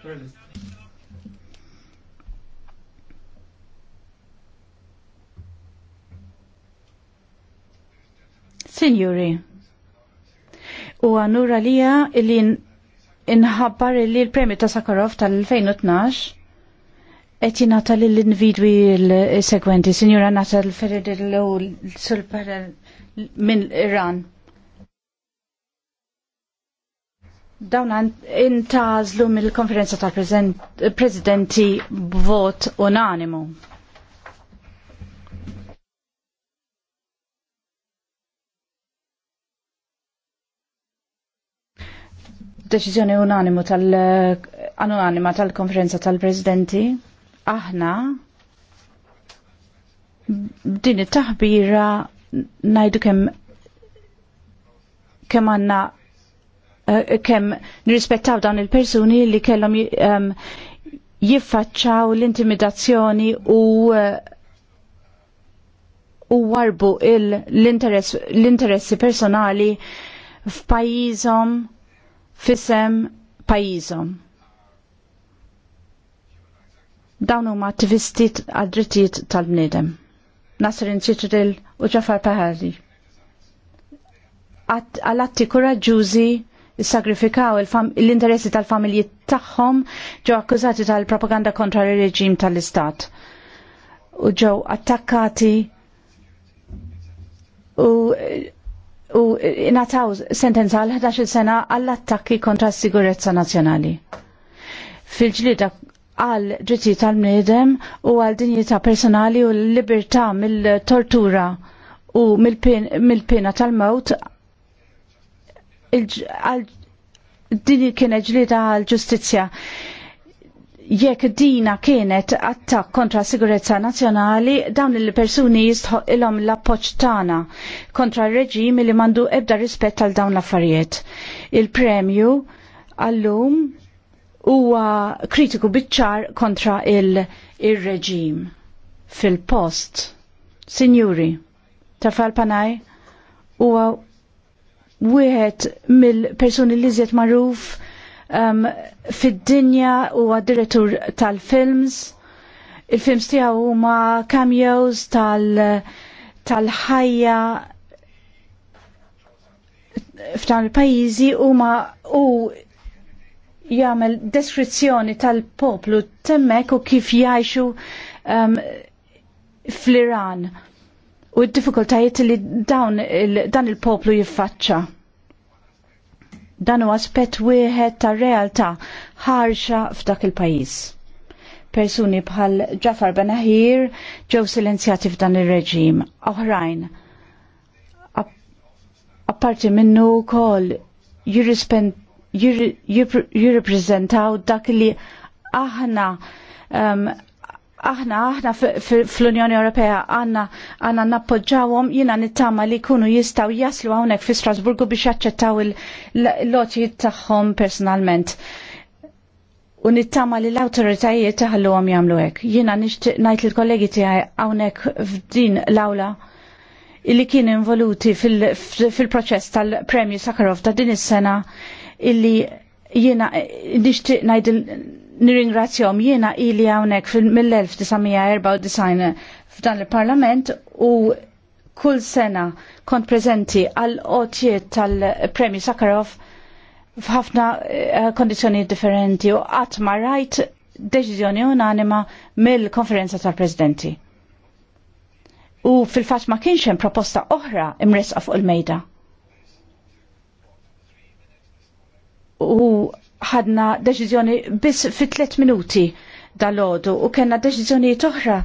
Signori, u għanura lija li inħabbar li l-premju ta' Sakarov tal-2012 qed jingħata lill individwi l-segwenti, Signora Natal Ferrer l-sul minn Iran. Dawn intażlu mill-konferenza tal-presidenti b'vot unanimu. Deċiżjoni unanimu tal-anonima tal-konferenza tal-presidenti. Aħna din it-taħbira najdu kemm kemm għandna Eh, kemm nirrispettaw dawn il-persuni li kellhom jiffaċċaw l-intimidazzjoni u eh, u warbu l-interessi personali f'pajjiżhom fisem pajjiżhom. Dawn huma attivisti għad-drittijiet tal-bniedem. Nasrin Citril u Ġafar Pahari. Għal-atti koraġġużi sagrifikaw l-interessi tal-familji tagħhom ġew akkużati tal-propaganda kontra r reġim tal-Istat u ġew attakkati u u nataw sentenza għal 11 sena għall attakki kontra s-sigurezza nazzjonali. Fil-ġlida għal ġitti tal-mnedem u għal dinjità personali u l-libertà mill-tortura u mill-pena tal-mewt din kienet ġlieda għal-ġustizzja. Jekk dina kienet attak kontra sigurezza nazjonali, dawn il-persuni jistħoq ilhom l-appoċ tagħna kontra r-reġim li mandu ebda rispett għal dawn l-affarijiet. Il-premju għallum huwa kritiku bitċar kontra il-reġim fil-post. Signuri, tafal panaj, huwa wieħed mill-persuni li żiet magħruf um, fid-dinja huwa direttur tal-films. Il-films tiegħu huma cameos tal- tal-ħajja f'dan il-pajjiżi huma u jagħmel deskrizzjoni tal-poplu temmek u kif jgħixu um, fl-Iran u d-diffikultajiet li dawn il, dan il-poplu jiffaċċa. Dan u aspet wieħed tar-realtà ħarxa f'dak il-pajjiż. Persuni bħal Ġafar Benahir ġew silenzjati f'dan ir-reġim, oħrajn apparti minnu kol jirrepresentaw dak li aħna um, aħna aħna fl-Unjoni Ewropea għanna għanna nappoġġawhom jiena nittama li jkunu jistgħu jaslu hawnhekk fi Strasburgu biex jaċċettaw il-lotijiet tagħhom personalment. U nittama li l-awtoritajiet taħalluhom jagħmlu hekk. Jiena nixtieq ngħid lill-kollegi tiegħi hawnhekk f'din l-awla illi kien involuti fil-proċess tal-Premju Sakharov ta' din is-sena illi jiena nixtieq ngħid nirringrazzjom jiena ili hawnhekk mill-1994 f'dan il-Parlament u kull sena kont prezenti għal qotjiet tal-Premju Sakharov f'ħafna eh, kondizjoni differenti u qatt ma rajt deċiżjoni unanima mill-konferenza tal-Presidenti. U fil fat ma kienx hemm proposta oħra imresqa fuq il-mejda ħadna deċiżjoni biss fi tliet minuti dal-ħodu u kena deċiżjoni toħra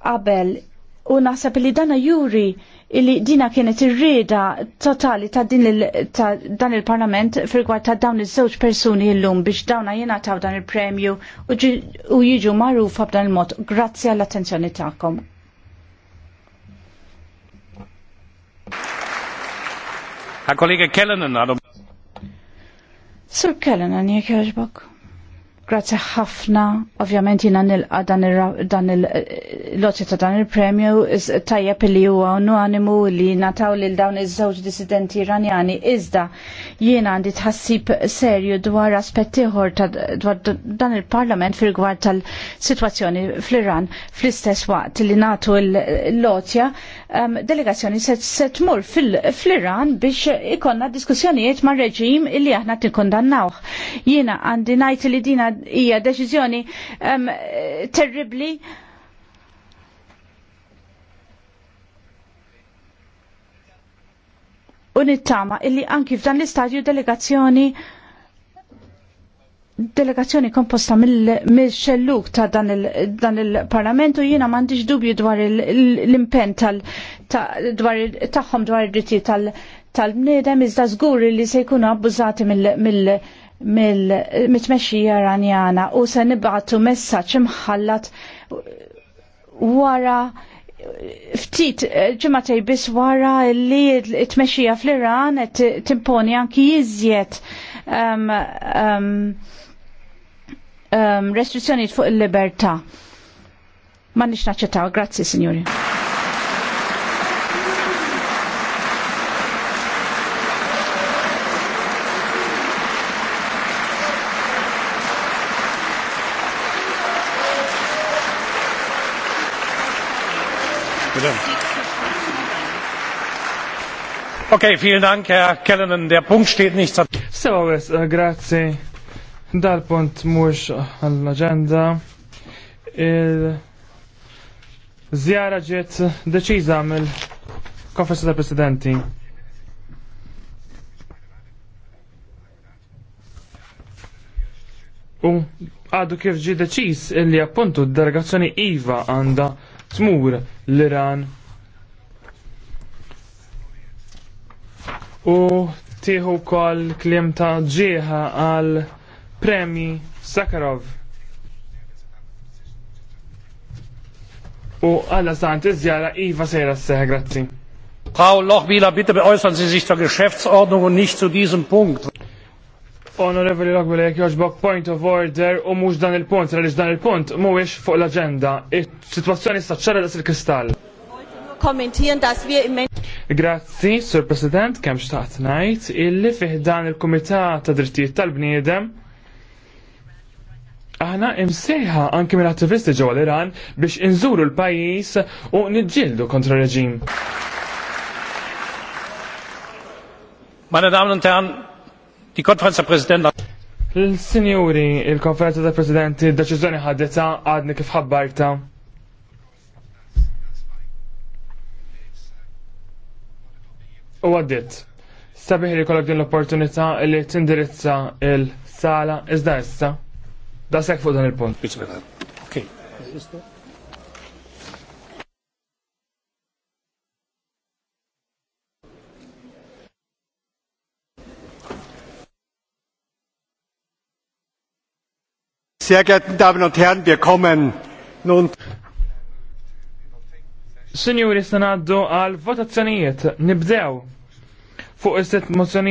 qabel u naħseb li dana juri illi dina kienet ir-rieda totali ta' din il, ta dan il-parlament fil-gwar ta' dawn iż-żewġ persuni llum biex dawna jingħataw dan il-premju u jiġu magħruf b'dan il-mod. Grazzi għall-attenzjoni tagħkom. Herr Kollege Kellenen, Sur Kellen għan jek jaġbok. Grazie ħafna, ovvjament jina nilqa dan il-loċi ta' dan il-premju, tajjeb li huwa nu għanimu li nataw lil dawn iż-żewġ dissidenti iranjani, iżda jina għandi tħassib serju dwar aspetti ieħor ta' dwar dan il-parlament fil gwar tal-sitwazzjoni fl-Iran fl-istess waqt li natu l-loċja, delegazzjoni se tmur fl-Iran biex ikonna diskussjonijiet ma' reġim illi aħna tikkondannawh. Jiena għandi ngħid li dina hija deċiżjoni um, terribli. U nittama illi anki f'dan l-istadju delegazzjoni delegazzjoni komposta mill-xelluk ta' dan il-parlamentu jina jiena m'għandix dubju dwar l-impen tagħhom dwar id-dritti tal-bniedem iżda żgur li se jkunu abbużati mill mill-mitmexxija Iranjana u se nibgħatu messaġġ imħallat wara ftit eh, ġimgħatej biss wara li it tmexxija fl-Iran qed timponi anki jiżjed um, um, um, restrizzjonijiet fuq il-libertà. Ma nix naċċettaw, grazzi signori. Okay, vielen Dank, Herr Kellenen. Der Punkt steht nicht eh, grazie. Dal-punt mux għall-agenda. Il-zjara ġiet deċiża mill-Konferenza tal Presidenti. U għadu kif ġi deċiz illi appuntu d-delegazzjoni IVA għanda tmur l-Iran u tiħu kol klim ta' ġieħa għal premi Sakharov. U għalla stant iżjara Iva sejra s-seħ, grazzi. Frau Lochbila, bitte beäußern Sie sich zur Geschäftsordnung und nicht zu diesem Punkt. Onorevoli Logbile, jek joġbok point of order u mux dan il-punt, għalix dan il-punt mux fuq l-agenda. Il-situazzjoni staċċara das il-kristall. Grazzi, Sir President, kem xtaqt najt, illi fih dan il-Komitat ta' Drittijiet tal-Bniedem. Aħna imsejħa anki mill attivisti ġewwa l-Iran biex inżuru l-pajjiż u niġġieldu kontra reġim. Meine Damen und Herren, Il-konferenza Il-sinjuri, il-konferenza ta' presidenti, deċiżjoni ħaddeta għadni kif ħabbarta. U għaddit. Sabiħ li kollok din l-opportunità li tindirizza il-sala iżda issa. Da sekk fuq dan il-punt. Sehr geehrten Damen und Herren, wir kommen nun. Signori, sanaddu għal votazzjonijiet. Nibdew fuq is-sitt mozzjonijiet.